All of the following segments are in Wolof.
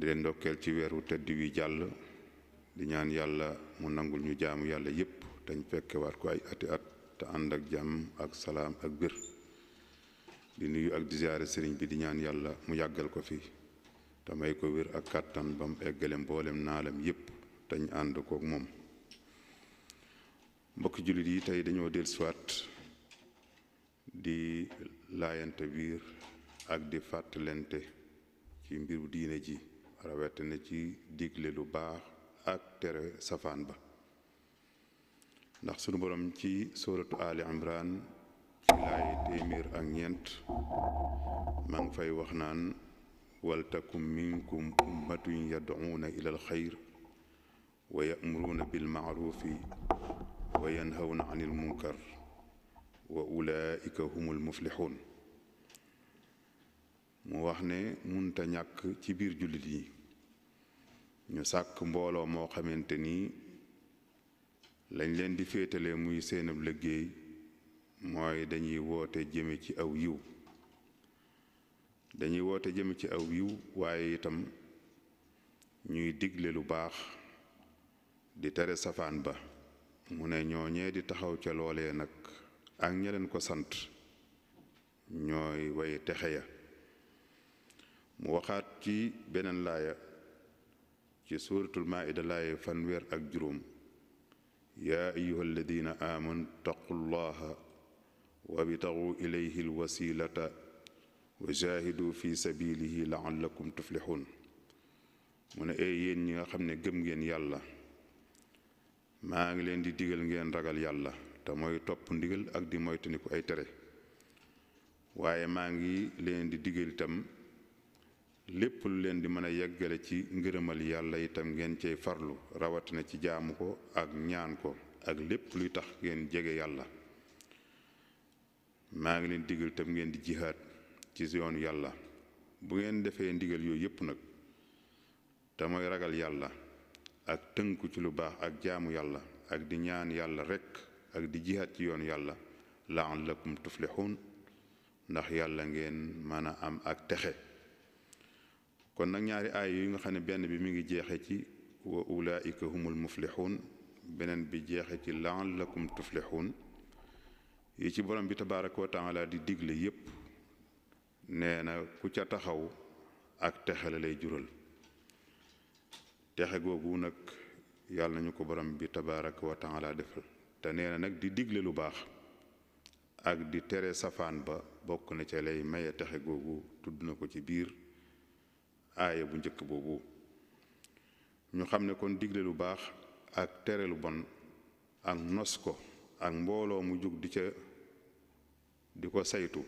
di leen ndokkeel ci weeru tëdd wi jàll di ñaan yàlla mu nangul ñu jaamu yàlla yépp dañ fekke waat ko ay ati at te ànd ak jàmm ak salaam ak bir di nuyu ak di ziyaare bi di ñaan yàlla mu yàggal ko fi te may ko wér ak kàttan bam mu eggale naalam yépp dañ ànd kook moom mbokki jullit yi tey dañoo dellusiwaat di laayante biir ak di fàttalente ci mbiru diine ji rawatina ci digle lu baax ak tere safaan ba ndax sunu borom ci suratu ali imran ci laay téeméer ak ñeent maa ngi fay wax naan waltakum minkum ummatun yad'uuna ila alxayr wa ya'muruuna bilma'ruufi wa yanhawna wa ulaa'ika humul muflixuun mu wax ne munta ñàkk ci biir jullit yi ñu sàkk mbooloo moo xamante ni lañ leen di féetale muy seenab liggéey mooy dañuy woote jëme ci aw yiw dañuy woote jëme ci aw yiw waaye itam ñuy digle lu baax di tere safaan ba mu ne ñooñee di taxaw ca loole nag ak ña leen ko sant ñooy way texe ya mu waxaat ci beneen laaya ci suuratul maa'ida laaya fanweer ak juróom yaa ayuha alladina aamanu taqu llaha wabtagu ilayhi alwasilata wa jaahidu fi sabilihi laallakum tuflixuun mu ne ay yéen ñi nga xam ne gëm ngeen yàlla maa ngi leen di digal ngeen ragal yàlla te mooy topp ndigal ak di moytandiku ay tere waaye maa ngi leen di digal lépp lu leen di mën a yeggale ci ngërëmal yàlla itam ngeen cey farlu rawatina ci jaamu ko ak ñaan ko ak lépp luy tax ngeen jege yàlla maa ngi leen digal itam ngeen di jihaat ci yoonu yàlla bu ngeen defee ndigal yooyu yépp nag te mooy ragal yàlla ak tënku ci lu baax ak jaamu yàlla ak di ñaan yàlla rekk ak di jihaat ci yoon yàlla la'allakum tuflihun ndax yàlla ngeen mën a am ak texe kon nag ñaari aay yu nga xam ne benn bi mu ngi jeexe ci wa ulaika humul muflixuun beneen bi jeexe ci laallakum tuflixuun yi ci borom bi tabaraka wa taala di digle yépp nee na ku ca taxaw ak texe la lay jural texe googu nag yàlla nañu ko borom bi tabaraka wa taala defal te nee na nag di digle lu baax ak di tere safaan ba bokk na ca lay maye texe googu tudd na ko ci biir aaya bu njëkk boobu ñu xam ne kon digle lu baax ak tere lu bon ak nos ko ak mbooloo mu jug di ca di ko saytu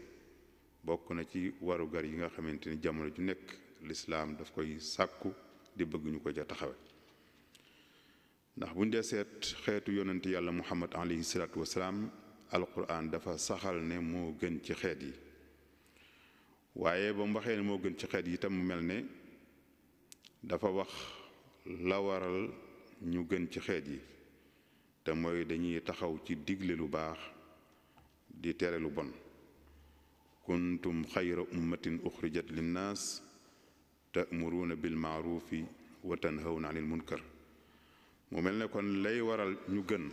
bokk na ci warugar yi nga xamante ni jamono ju nekk lislaam daf koy sàkku di bëgguñu ko ca taxawe ndax buñ dee seet xeetu yonent yàlla muhammad alayhi salaatu wasalaam alquran dafa saxal ne moo gën ci xeet yi waaye ba mu waxee moo gën ci xeet yi itam mu mel ne dafa wax la waral ñu gën ci xeet yi te mooy dañuy taxaw ci digle lu baax di tere lu bon kuntum xayra ummatin uxrijat linnaas ta'muruuna bil maarufi wa tanhawna mun kër mu mel ne kon lay waral ñu gën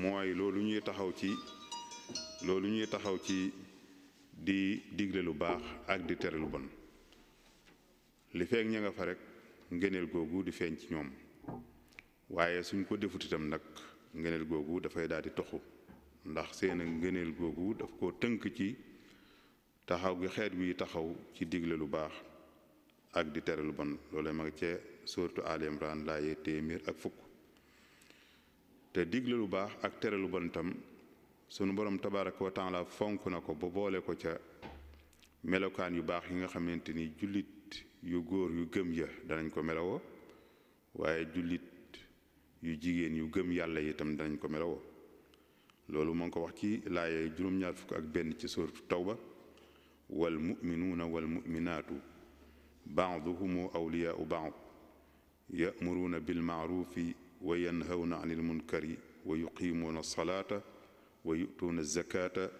mooy loolu ñuy taxaw ci loolu ñuy taxaw ci di digle lu baax ak di tere lu bon li feek ña nga fa rek ngëneel googu di feeñ ci ñoom waaye suñ ko defut itam nag ngëneel googu dafay daal di toxu ndax seen ngëneel googu daf ko tënk ci taxaw gi xeet wi taxaw ci digle lu baax ak di tere lu bon loolu mag nga ca surtu Al Imran laaye téeméer ak fukk te digle lu baax ak tere lu bon tam sunu borom tabaraka wa fonk na ko ba boole ko ca melokaan yu baax yi nga xamante ni jullit yu góor yu gëm ya danañ ko melowoo waaye jullit yu jigéen yu gëm yàlla itam danañ ko melowoo loolu moo ngi ko wax ci laaye juróom-ñaar fukk ak benn ci suuratu tawba wal muminuuna wal muminaatu baaduhumu awliyaau baad yamuruuna bilmaarufi wa yanhawna anil munkari wa yuqimuuna solaata wa yu'tuuna zakaata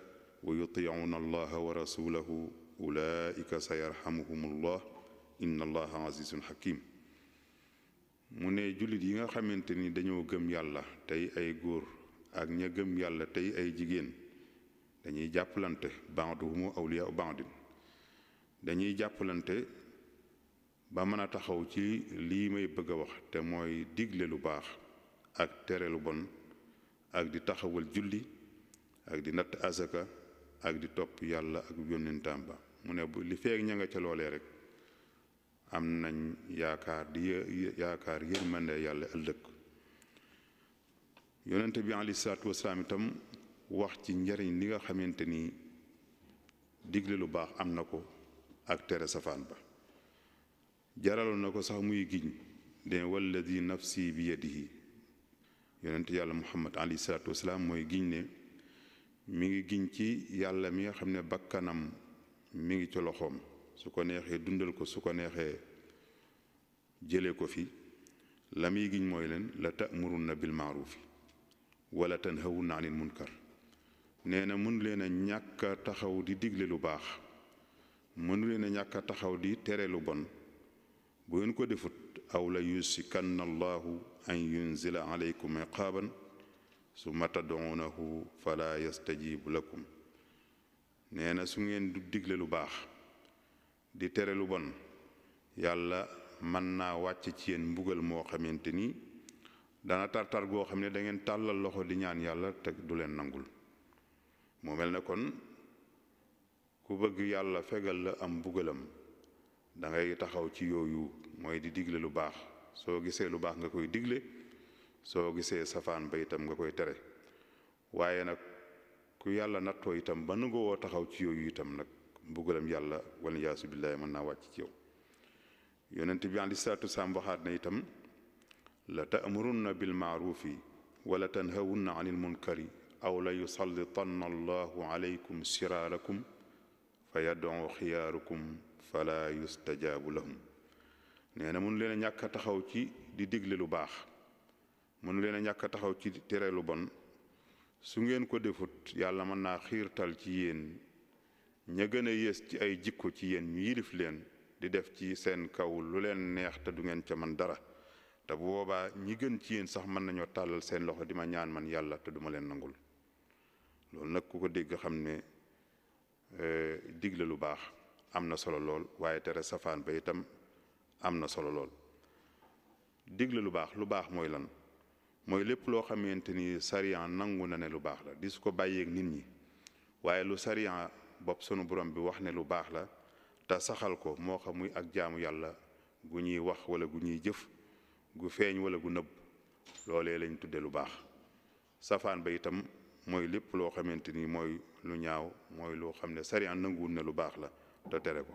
wa yutiicuuna allaha wa rasulahu ulaika sa yarhamuhum inna allaha azizun hakim mu ne jullit yi nga xamante ni dañoo gëm yàlla tey ay góor ak ña gëm yàlla tey ay jigéen dañuy jàppalante ba'duhum awliyaa ba'din dañuy jàppalante ba mën a taxaw ci lii may bëgg a wax te mooy digle lu baax ak tere lu bon ak di taxawal julli ak di natt asaka ak di topp yàlla ak yónnentaam ba mu ne bu li feeg ña nga ca loolee rek am nañ yaakaar di yaakaar yërmande yàlla ëllëg yonente bi aleyhi salaatu wasalaam itam wax ci njariñ li nga xamante ni digle lu baax am na ko ak tere safaan ba jaraloo na ko sax muy giñ de walladi nafsi bi yadihi yonent yàlla muhammad aleyhi salaatu wasalaam mooy giñ ne mi ngi giñ ci yàlla mi nga xam ne bakkanam mi ngi ci loxoom su ko neexee dundal ko su ko neexee jële ko fi la muy giñ mooy leen la ta'murunna bil ma'rufi wala tanhawunna anil munkar nee na mënu leen a ñàkk taxaw di digle lu baax mënu leen ñàkk taxaw di tere lu bon bu ngeen ko defut aw la yusikanna allahu an yunzila aleykum iqaaban summa tad'uunahu fala yastajibu lakum nee na su ngeen du digle lu baax di tere lu bon yàlla mën naa wàcc ci yéen mbugal moo xamante ni dana tartar goo xam ne dangeen tàllal loxo di ñaan yàlla teg du leen nangul moo mel ne kon ku bëgg yàlla fegal la am mbugalam da taxaw ci yooyu mooy di digle lu baax soo gisee lu baax nga koy digle soo gisee safaan ba itam nga koy tere waaye nag ku yàlla nattoo itam ba nangu taxaw ci yooyu itam nag mbugalam yàlla wala yaasu billaahi mën naa wàcc ci yow yonent bi aleyhi salaatu wasalaam waxaat na itam la ta'murunna bil maarufi wala tanhawunna anil munkari aw la yusallitanna allahu aleykum siraarakum fa yad'u xiyaarukum fala yustajaabu lahum nee mun leen a ñàkk taxaw ci di digle lu baax mënu leen a ñàkk a taxaw ci tere lu bon su ngeen ko defut yàlla mën naa xiirtal ci yéen ña gën a yées ci ay jikko ci yéen ñu yilif leen di def ci seen kaw lu leen neex te du ngeen ca man dara te bu boobaa ñi gën ci yéen sax mën nañoo tàllal seen loxo di ma ñaan man yàlla te duma leen nangul loolu nag ku ko dégg xam ne eh, digle lu baax am na solo lool waaye tere safaan itam am na solo lool digle lu baax lu baax mooy lan mooy lépp loo xamante ni sariyan nangu na ne lu baax la di su ko bàyyeeg nit ñi waaye lu sariyan bopp sunu borom bi wax ne lu baax la te saxal ko moo xam muy ak jaamu yàlla gu ñuy wax wala gu ñuy jëf gu feeñ wala gu nëbb loolee lañ tudde lu baax safaan ba itam mooy lépp loo xamante ni mooy lu ñaaw mooy loo xam ne sariyan nanguwul ne lu baax la te tere ko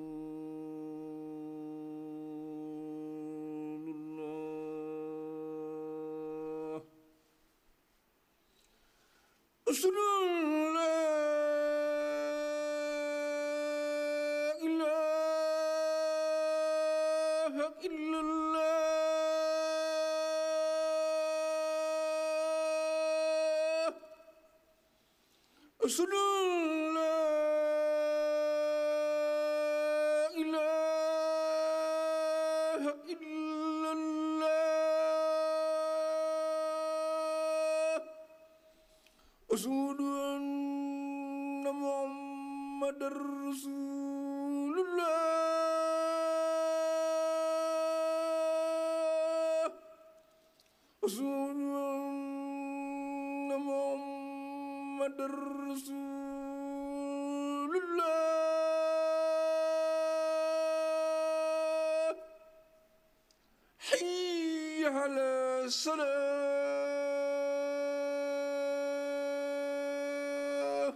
sunu la ilaha illallah ashhadu محمد رسول الله حي على الصلاة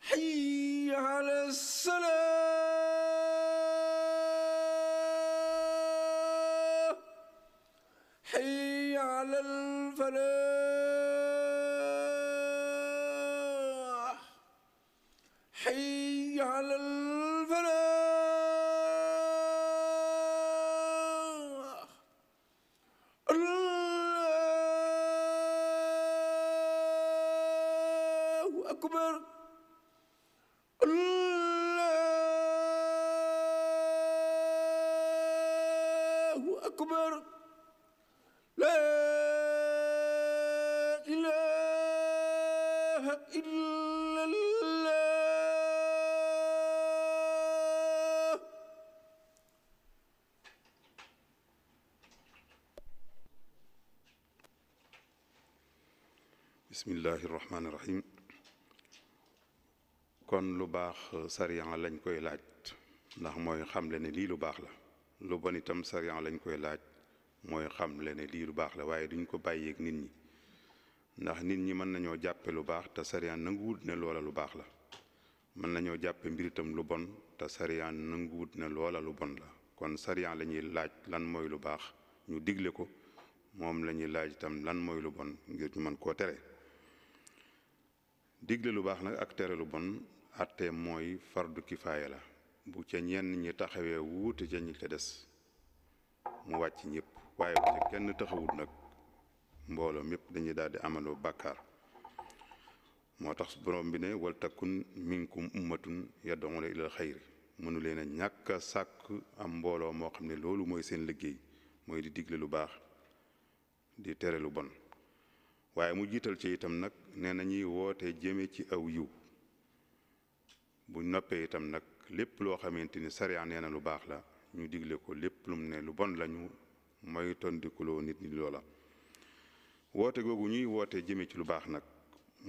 حي على الصلاة حي على الفلاح أكبر الله أكبر لا إله إلا الله بسم الله الرحمن الرحيم kon lu baax euh, sariyan lañ koy laaj ndax mooy xamle ne lii lu baax la lu bon itam sariyan lañ koy laaj mooy xamle ne lii lu baax la waaye duñ ko bàyyeeg nit ñi ndax nit ñi mën nañoo jàppee lu baax te sariyan nanguwut ne loola lu baax la mën nañoo jàppee mbir itam lu bon te sariyan nanguwut ne loola lu bon la kon sariyan la ñuy laaj lan mooy lu baax ñu digle ko moom lañuy laaj itam lan mooy lu bon ngir ñu mën koo tere digle lu baax nag ak tere lu bon atte mooy fardu kifaaya la bu ca ñenn ñi taxawee wuute ca ñi ca des mu wàcc ñëpp waaye bu ca kenn taxawut nag mbooloo mépp dañuy daal di amaloo bàkkaar moo tax borom bi ne wal takun minkum ummatun yad'una ilal xayri mënu leen a ñàkk a sàkk am mbooloo moo xam ne loolu mooy seen liggéey mooy di digle lu baax di tere lu bon waaye mu jiital ci itam nag nee na woote jëme ci aw yiw buñ noppee itam nag lépp loo xamante ni sariya nee lu baax la ñu digle ko lépp lum ne lu bon lañu mooy tondikuloo nit ñi loola woote googu ñuy woote jëme ci lu baax nag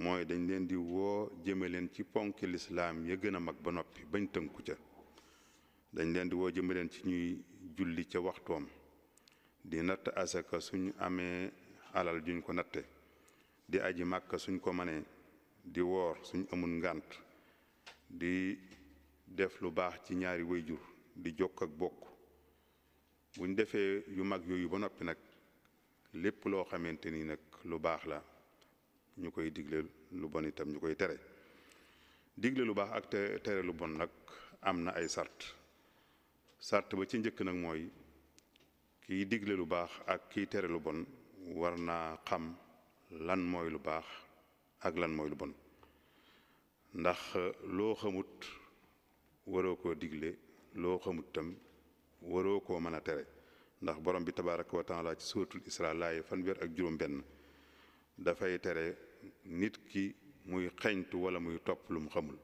mooy dañ leen di woo jëme leen ci ponk lislaam ya gën a mag ba noppi bañ tënku ca dañ leen di woo jëme leen ci ñuy julli ca waxtoom di natt asaka suñ amee alal juñ ko natte di aji màkka suñ ko mënee di woor suñ amul ngant di def lu baax ci ñaari wayjur di jokk ak bokk buñ defee yu mag yooyu ba noppi nag lépp loo xamante ni nag lu baax la ñu koy digle lu bon itam ñu koy tere digle lu baax ak te tere lu bon nag am na ay sart sart ba ci njëkk nag mooy kiy digle lu baax ak kiy tere lu bon war naa xam lan mooy lu baax ak lan mooy lu bon ndax euh, loo xamut waroo koo digle loo xamut tam waroo ko mën a tere ndax borom bi tabaraka wa taala ci suratul isra laay fanweer ak juróom benn dafay tere nit ki muy xeñtu wala muy topp lu mu xamul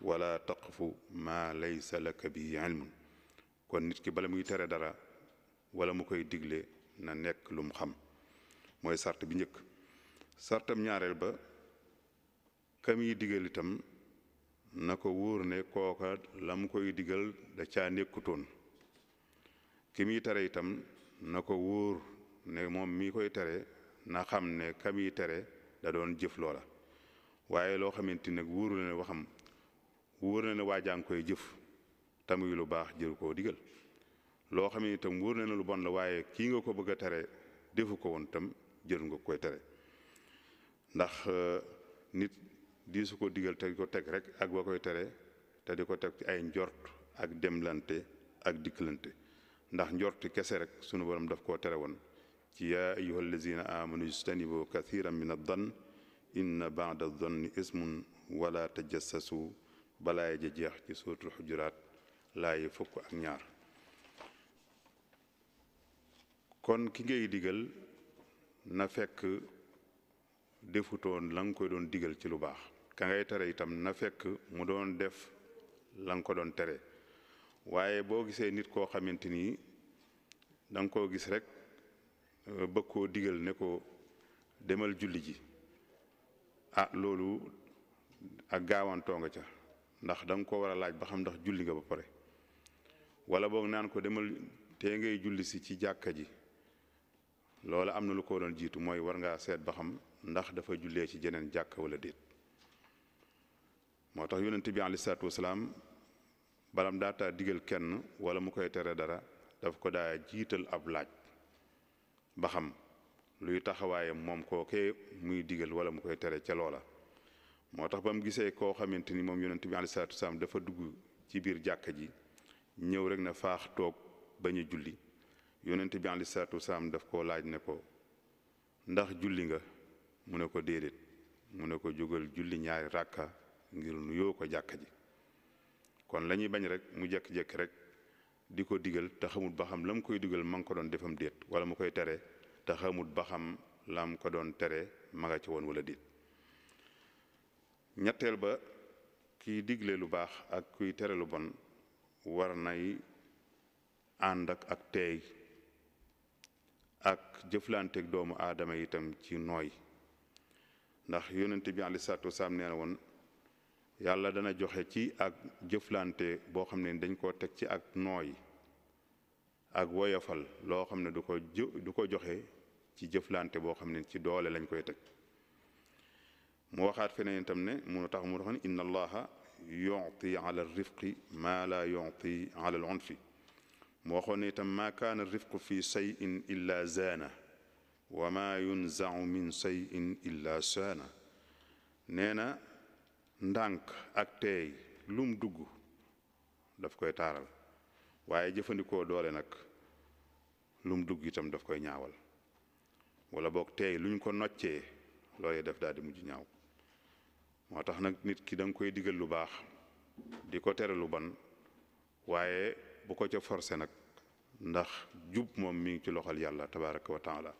wala taqfu ma laysa laka bi ilmun kon nit ki bala muy tere dara wala mu koy digle na nekk lu mu xam mooy sart bi njëkk sartam ñaareel ba kam yi digal itam na ko wóor ne kooka la koy digal da caa nekkutoon ki muy tere itam na ko wóor ne moom mi koy tere na xam ne kam yi tere da doon jëf loola waaye loo xamante nag wóoru la waxam wóor na ne waajaa ngi koy jëf tamuy lu baax jëru koo digal loo xam itam wóor na lu bon la waaye kii nga ko bëgg a tere defu ko woon itam jëru nga koy tere ndax euh, nit di su ko digal te di ko teg rek ak ba koy tere te di ko teg ci ay njort ak demlante ak dikkalante ndax njorti kese rek sunu borom daf koo tere woon ci yaa ayyuha allazina amanu ijtanibu kathiran min addan inna ba'da dhanni ismun wala tajassasu balaay ja jeex ci suuratul xujuraat laay fukk ak ñaar kon ki ngay digal na fekk defutoon la nga koy doon digal ci lu baax ka ngay tere itam na fekk mu doon def la nga ko doon tere waaye boo gisee nit koo xamante ni danga koo gis rek euh, bëgg koo digal ne ko demal julli ji ah loolu ak gaawantoo nga ca ndax da koo ko war a laaj ba xam ndax julli nga ba pare wala boog naan ko demal tee ngay julli si ci jàkka ji loola am na lu ko doon jiitu mooy war ngaa seet ba xam ndax dafa jullee ci jeneen jàkka wala déet moo tax yonent bi aleyhi salaatu wasalaam balam daataa digal kenn wala mu koy tere dara daf ko daa jiital ab laaj ba xam luy taxawaayam moom kookee muy digal wala mu koy tere ca loola moo tax ba mu gisee koo xamante ni moom yonent bi aleyhi salaatu dafa dugg ci biir jàkka ji ñëw rek na faax toog bañ a julli yonent bi aleyhi salaatu wasalaam daf koo laaj ne ko ndax julli nga mu ne ko déedéet mu ne ko jógal julli ñaari ràkka ngir nuyoo ko jàkka ji kon lañuy bañ rek mu jékki-jékki rek di ko digal te xamul ba xam la koy digal ma nga ko doon defam déet wala mu koy tere te xamul ba ko doon tere ma nga ci woon wala déet ñetteel ba kiy digle lu baax ak kuy tere lu bon war nay ànd ak ak teey ak jëflanteeg doomu aadama itam ci nooy ndax yonente bi alei salatu wasalaam nee na woon yàlla dana joxe ci ak jëflante boo xam ne dañ koo teg ci ak nooy ak woyofal loo xam ne du ko du ko joxe ci jëflante boo xam ne ci doole lañ koy teg mu waxaat feneen tam ne mu tax mu tax ne inna allaha yuti ala rifqi ma la mu waxoon itam maa kaana rifqu fi sayin illa zaana wa ma yunzau min sayin illa saana nee ndànk ak teey lum dugg daf koy taaral waaye jëfandikoo doole nag lum dugg itam daf koy ñaawal wala boog teey luñ ko noccee loolee def daal di mujj ñaaw moo tax nag nit ki da koy digal lu baax di ko tere lu ban waaye bu ko ca forcé nag ndax jub moom mi ngi ci loxol yàlla tabaraka wa taala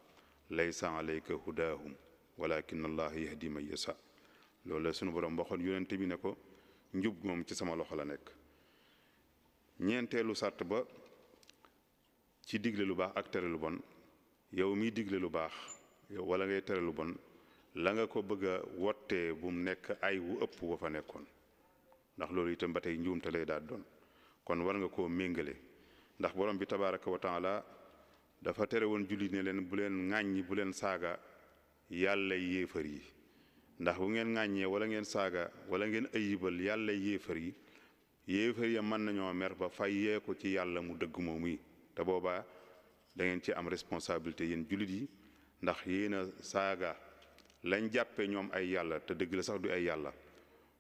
laysa alayka hudaahum walakin allah yahdi man yasa loolu la sunu borom waxoon yonent bi ne ko njub moom ci sama loxo la nekk ñeenteelu sàrt ba ci digle lu baax ak tere lu bon yow miy digle lu baax yow wala ngay tere lu bon la nga ko bëgg a wottee bu mu nekk ay wu ëpp wa fa nekkoon ndax loolu itam ba tey njuumte lay daal doon kon war nga koo méngale ndax boroom bi tabaraka wa taala dafa tere woon julli ne leen bu leen ŋàññi bu leen saaga yàlla yéefar yi ndax bu ngeen ŋàññee wala ngeen saaga wala ngeen ay ayibal yàlla yéefar yi yéefar ya mën nañoo mer ba fayee ko ci yàlla mu dëgg moom yi te boobaa dangeen ci am responsabilité yéen jullit yi ndax yéen saaga lañ jàppe ñoom ay yàlla te dëgg la sax du ay yàlla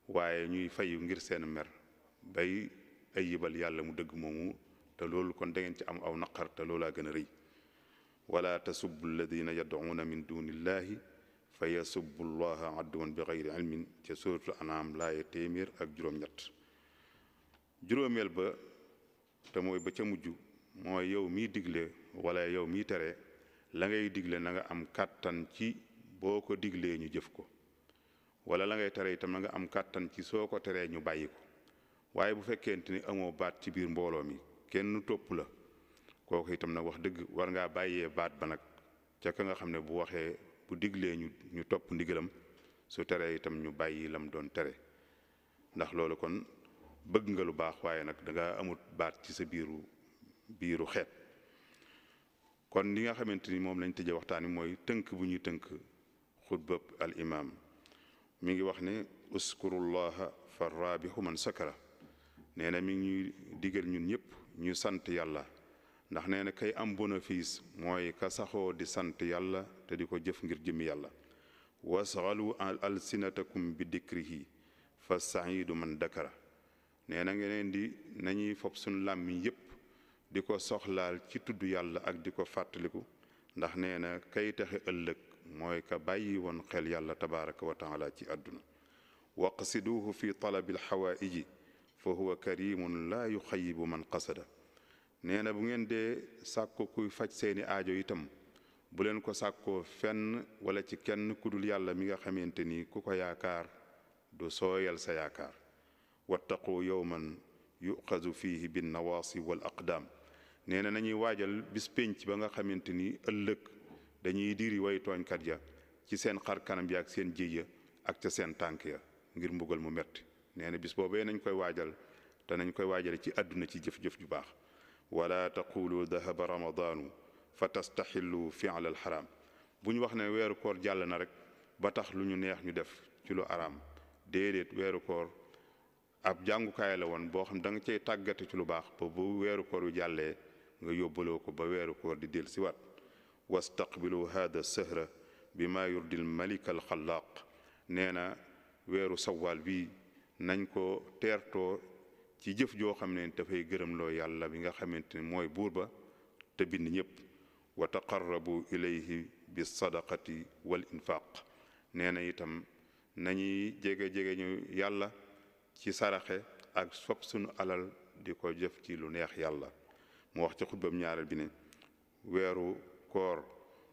waaye ñuy fay ngir seen mer bay ay ayibal yàlla mu dëgg moomu te loolu kon dangeen ci am aw naqar te loolaa gën a rëy wala tasubbu alladina yad'una min dunillahi fa yasubbu llaha adduwan bi xayri ilmin ca suratul anaam laaya téeméer ak juróom-ñett juróomeel ba te mooy ba ca mujj mooy yow miy digle wala yow miy tere la ngay digle na nga am kàttan ci boo ko diglee ñu jëf ko wala la ngay tere itam na nga am kàttan ci soo ko teree ñu bàyyi ko waaye bu fekkente ni amoo baat ci biir mbooloo mi kenn topp la kooku itam nag wax dëgg war ngaa bàyyee baat ba nag ca ka nga xam ne bu waxee bu diglee ñu ñu topp ndigalam su teree itam ñu bàyyi lam doon tere ndax loolu kon bëgg nga lu baax waaye nag danga amut baat ci sa biiru biiru xeet kon li nga xamante ni moom lañ tëje waxtaan wi mooy tënk bu ñuy tënk xutbab al mu ngi wax ne uskurullaha fa raabihu man sakara nee na mi ngi ñuy digal ñun ñëpp ñu sant yàlla ndax nee na kay am bénéfice mooy ka saxoo di sant yàlla te di ko jëf ngir jëmmi yàlla wasxalu alsinatakum bi dikrihi fa saidu man dakara nee na ngeen di nañuy fob suñ làmmiñ yépp di ko soxlaal ci tudd yàlla ak di ko fàttaliku ndax nee na kay taxe ëllëg mooy ka bàyyi woon xel yàlla tabaraka wa taala ci àdduna waqsiduhu fi talabil xawaaiji fa huwa karimun layu yuxayibu man qasada nee na bu ngeen dee sàkko kuy faj seeni aajo itam bu leen ko sàkkoo fenn wala ci kenn ku dul yàlla mi nga xamante ni ku ko yaakaar du sooyal sa yaakaar wattaqu yowman yuqazu fii bin nawaasi wal aqdaam nee na nañuy waajal bis pénc ba nga xamante ni ëllëg dañuy diri way tooñkat ya ci seen xar kanam ya ak seen jiya ak ca seen tànk ya ngir mbugal mu metti nee na bis boobee nañ koy waajal te nañ koy waajale ci àdduna ci jëf-jëf ju baax wala taqulu dahaba ramadaanu fa tastaxillu fiala alxaraam bu ñu wax ne weeru koor jàll na rek ba tax lu ñu neex ñu def ci lu araam déedéet weeru koor ab jàngukaay la woon boo xam da nga cey tàggate ci lu baax ba bu weeru koor yu jàllee nga yóbbaloo ko ba weeru koor di del siwaat wastaqbilu hada sahra bi maa yurdil malik al nee na weeru sawaal bii nañ ko teertoo ci jëf joo xam ne dafay gërëm loo yàlla bi nga xamante ne mooy buur ba te bind ñëpp wa taqarrabu ilayhi bi sadaqati wal infaq nee na itam nañuy jege jege ñu yàlla ci saraxe ak fab sunu alal di ko jëf ci lu neex yàlla mu wax ci xutbam ñaareel bi ne weeru koor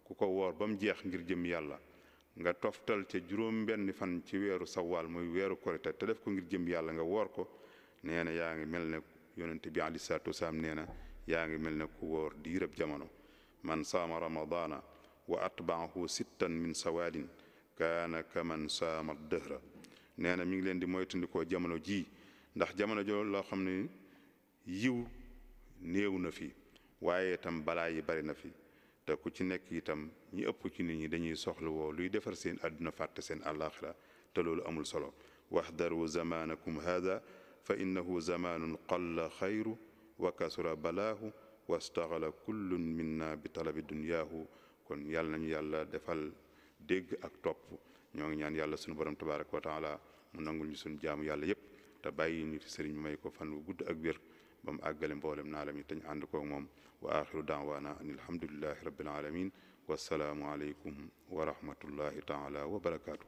ku ko woor ba mu jeex ngir jëm yàlla nga toftal ca juróom benn fan ci weeru sawaal muy weeru korite te def ko ngir jëm yàlla nga woor ko nee na yaa ngi mel ne yonent bi aleyhi salaatu nee na yaa ngi mel ne ku wóor diirab jamono man saama ramadaana wa atbaahu sittan min sawadin kaana kaman saama dëhra nee na mi ngi leen di moytandikoo jamono ji ndax jamono jo loo xam ne yiw néew na fi waaye itam balaa yi bari na fi te ku ci nekk itam ñi ëpp ci nit ñi dañuy soxla woo luy defar seen àdduna fàtte seen àllaaxira te loolu amul solo waxdaru zamanakum hada fa innahu zamanun qalla xayru wa kasura balaahu wastaxala kullun minna bi talabi dunyaahu kon yàlla nañu yàlla defal dégg ak topp ñoo ngi ñaan yàlla suñu borom tabaraka wa taala mu nangu ñu suñu jaamu yàlla yépp te bàyyi ñu fi sëriñ may ko fan wu gudd ak wér ba mu àggale mboolem naalam yi te ànd koog moom wa axiru daawaana an alhamdulillahi rabbil alamin wasalaamu aleykum wa rahmatullahi taala wa barakaatu.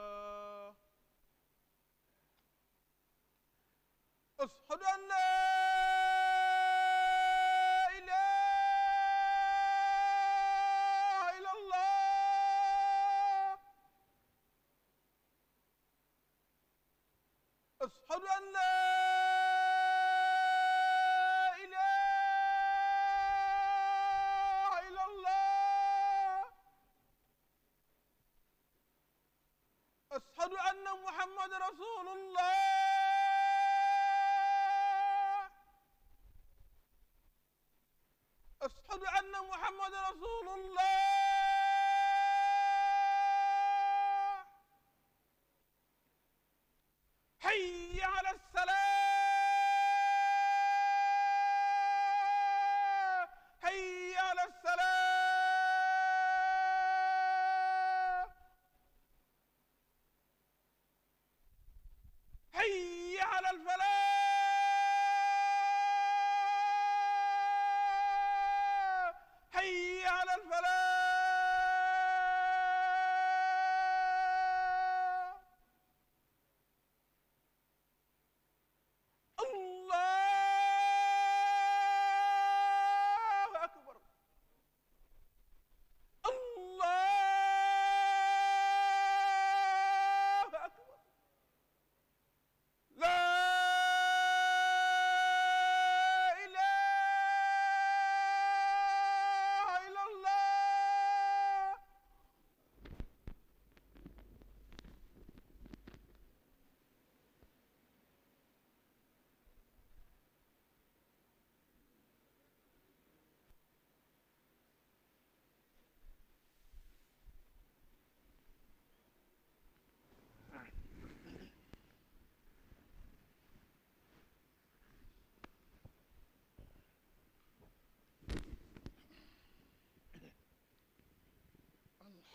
ashadu anna muhammad rasulullah ashadu anna muhammad rasulullah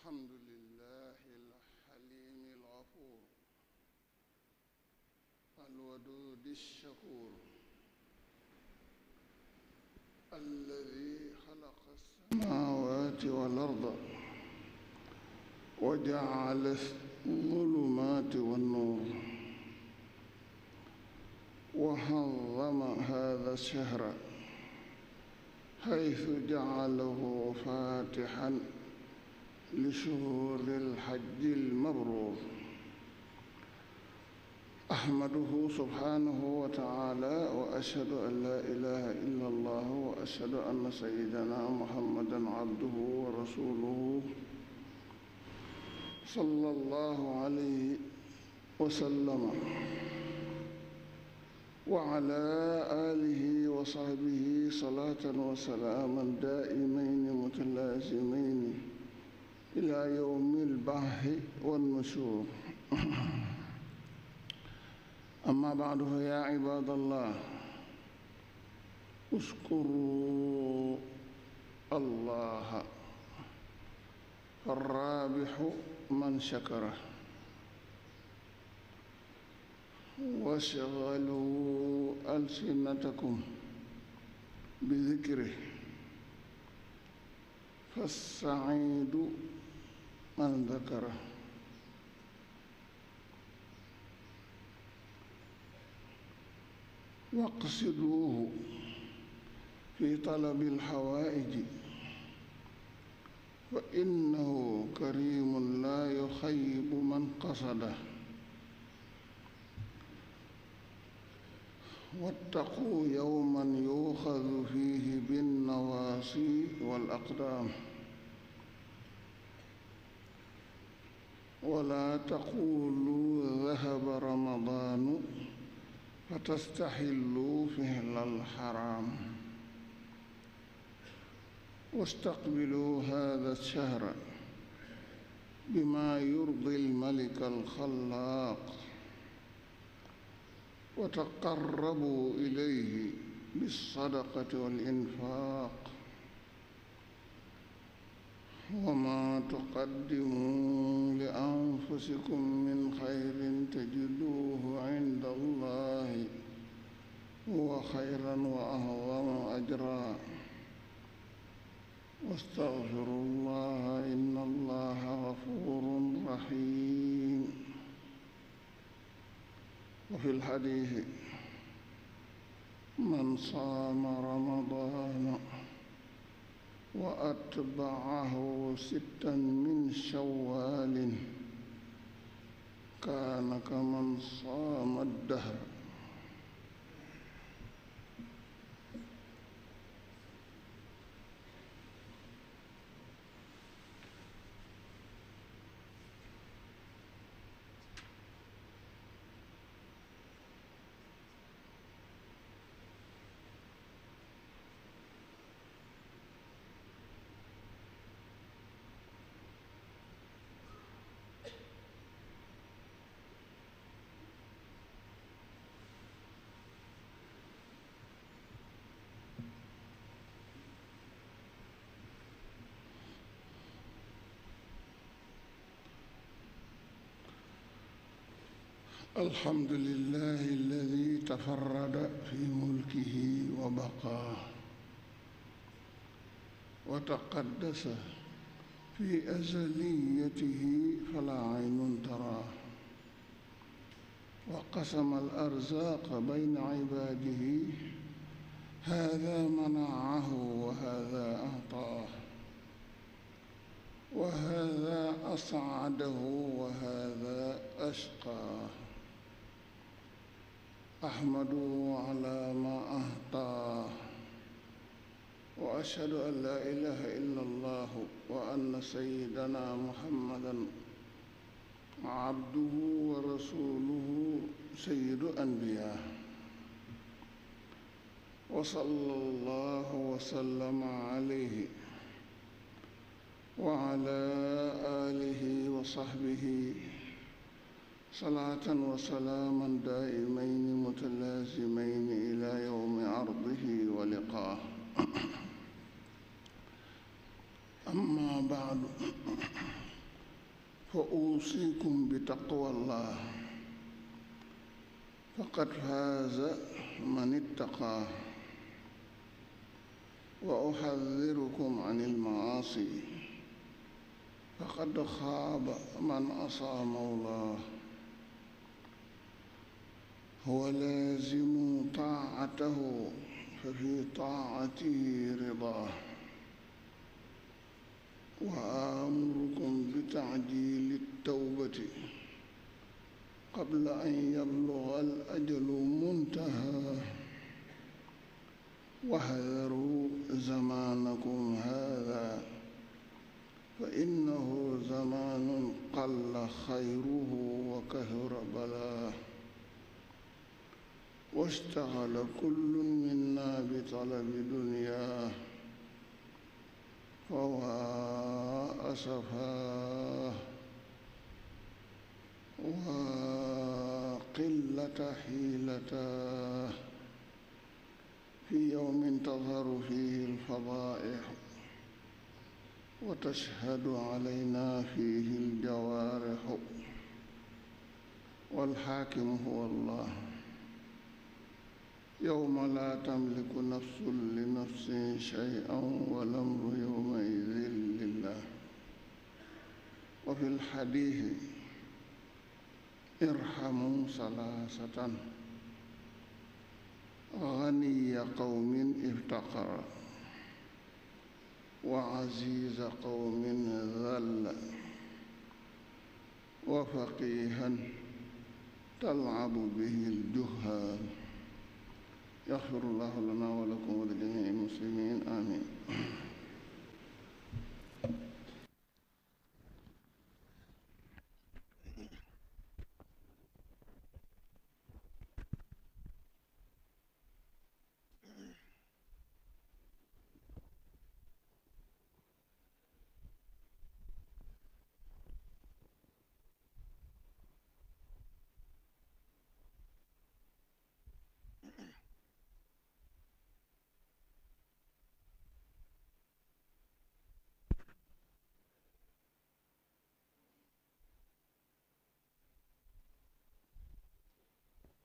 الحمد لله الحليم الغفور الودود الشكور الذي خلق السماوات والأرض وجعل الظلمات والنور وحظم هذا الشهر حيث جعله فاتحا لشهور الحج المبرور احمده سبحانه وتعالى واشهد ان لا اله الا الله واشهد ان سيدنا محمدا عبده ورسوله صلى الله عليه وسلم وعلى آله وصحبه صلاة وسلاما دائمين متلازمين ilaa yawmil baaxi wan nusuur amma baadu fa yaa ibaadallah uskuru allaha farraabixu man shakara washghaluu alsinatakum bi dikrih fassaciidu man dakara waqsiduuhu fi talabi alxawaaiji fa innahu karimun laa yuxayibu man qasada wattaquu yowman yuuxadu fiihi binnawaasi wal aqdaam ولا تقولوا ذهب رمضان فتستحلوا فعل الحرام واستقبلوا هذا الشهر بما يرضي الملك الخلاق وتقربوا إليه بالصدقة والإنفاق وما تقدموا لأنفسكم من خير تجدوه عند الله هو خيرا وأعظم أجرا واستغفروا الله إن الله غفور رحيم وفي الحديث من صام رمضان وأتبعه ستا من شوال كان كمن صام الدهر الحمد لله الذي تفرد في ملكه وبقاه وتقدس في أزليته فلا عين تراه وقسم الأرزاق بين عباده هذا منعه وهذا أعطاه وهذا أصعده وهذا أشقاه أحمده على ما أهطاه وأشهد أن لا إله إلا الله وأن سيدنا محمدا عبده ورسوله سيد أنبياه وصلى الله وسلم عليه وعلى آله وصحبه صلاة وسلاما دائمين متلازمين إلى يوم عرضه ولقاه أما بعد فأوصيكم بتقوى الله فقد فاز من اتقاه وأحذركم عن المعاصي فقد خاب من عصى مولاه ولازموا طاعته ففي طاعته رضاه وآمركم بتعجيل التوبة قبل أن يبلغ الأجل منتهى واحذروا زمانكم هذا فإنه زمان قل خيره وكثر بلاه واشتغل كل منا بطلب دنياه ووا أسفاه وقلة حيلتاه في يوم تظهر فيه الفضائح وتشهد علينا فيه الجوارح والحاكم هو الله yawma laa tamliku nafsun li nafsin shay'an wal amru yawma idhin lillah wa fil hadiisi irhamu salaasatan ganiya qawmin iftaqara wa aziiza qawmin dhalla wa faqiihan tal'abu bihi al-juhhaal يغفر الله لنا ولكم ولجميع المسلمين آمين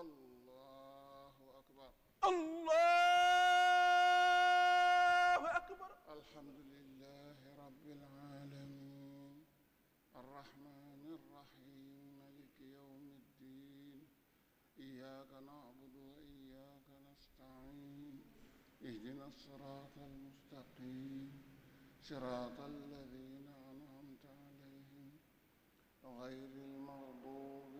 allahu akbar allahu akbar alhamdulillahi rabbil alamin arrahmani arrahim maliki yawmi ddin iyyaka na'budu wa iyyaka nasta'in ihdina sirata almustaqim sirata alladhina an'amta alayhim ghayril maghdubi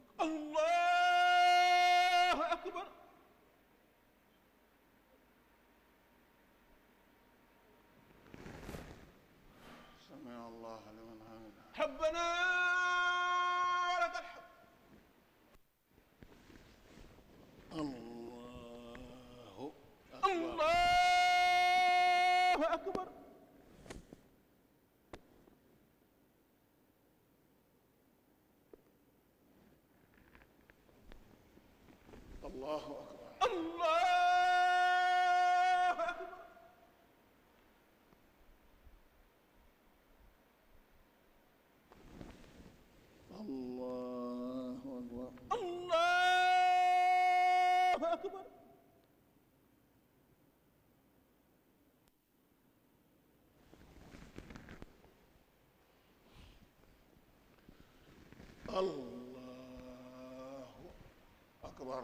allahu akbar sami allah liman hamida rabbana allahu akbar allahu akbar allahu akbar allahu akbar الله أكبر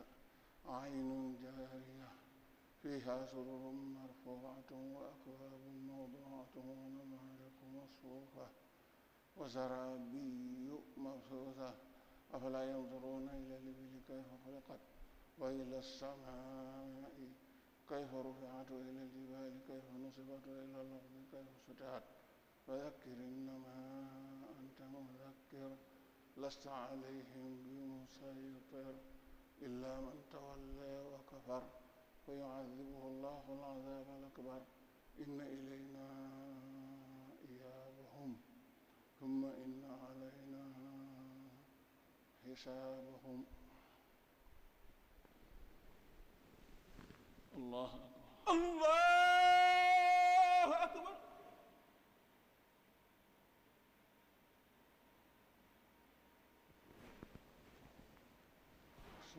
عين جارية فيها سرر مرفوعة وأكواب موضوعة ونمارق مصفوفة وزرابي مبثوثة أفلا ينظرون إلى الإبل كيف خلقت وإلى السماء كيف رفعت إلى الجبال كيف نصبت إلى الأرض كيف سطحت فذكر إنما أنت مذكر لست عليهم بمسيطر illaa man tawalla wa kafar fa yu'adhibuhu llahu al-'adhab al-akbar inna ilayna iyaabahum thumma inna 'alayna hisaabahum allah akbar allah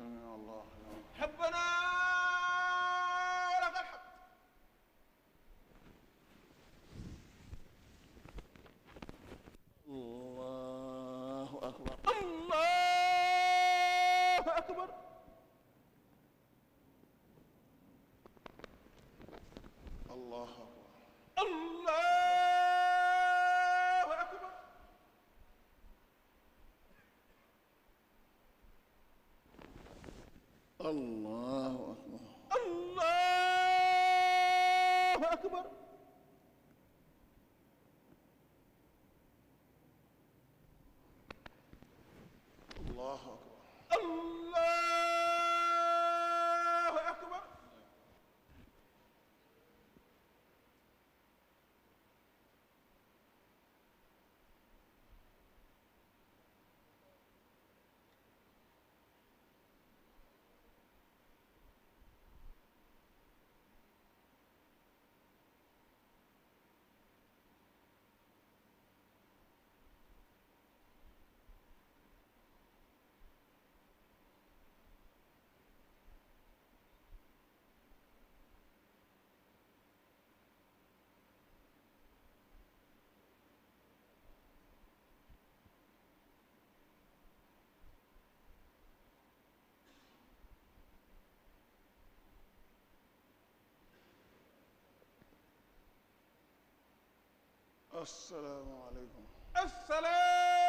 سمع الله لمن حبنا asalaamaaleykum asalaam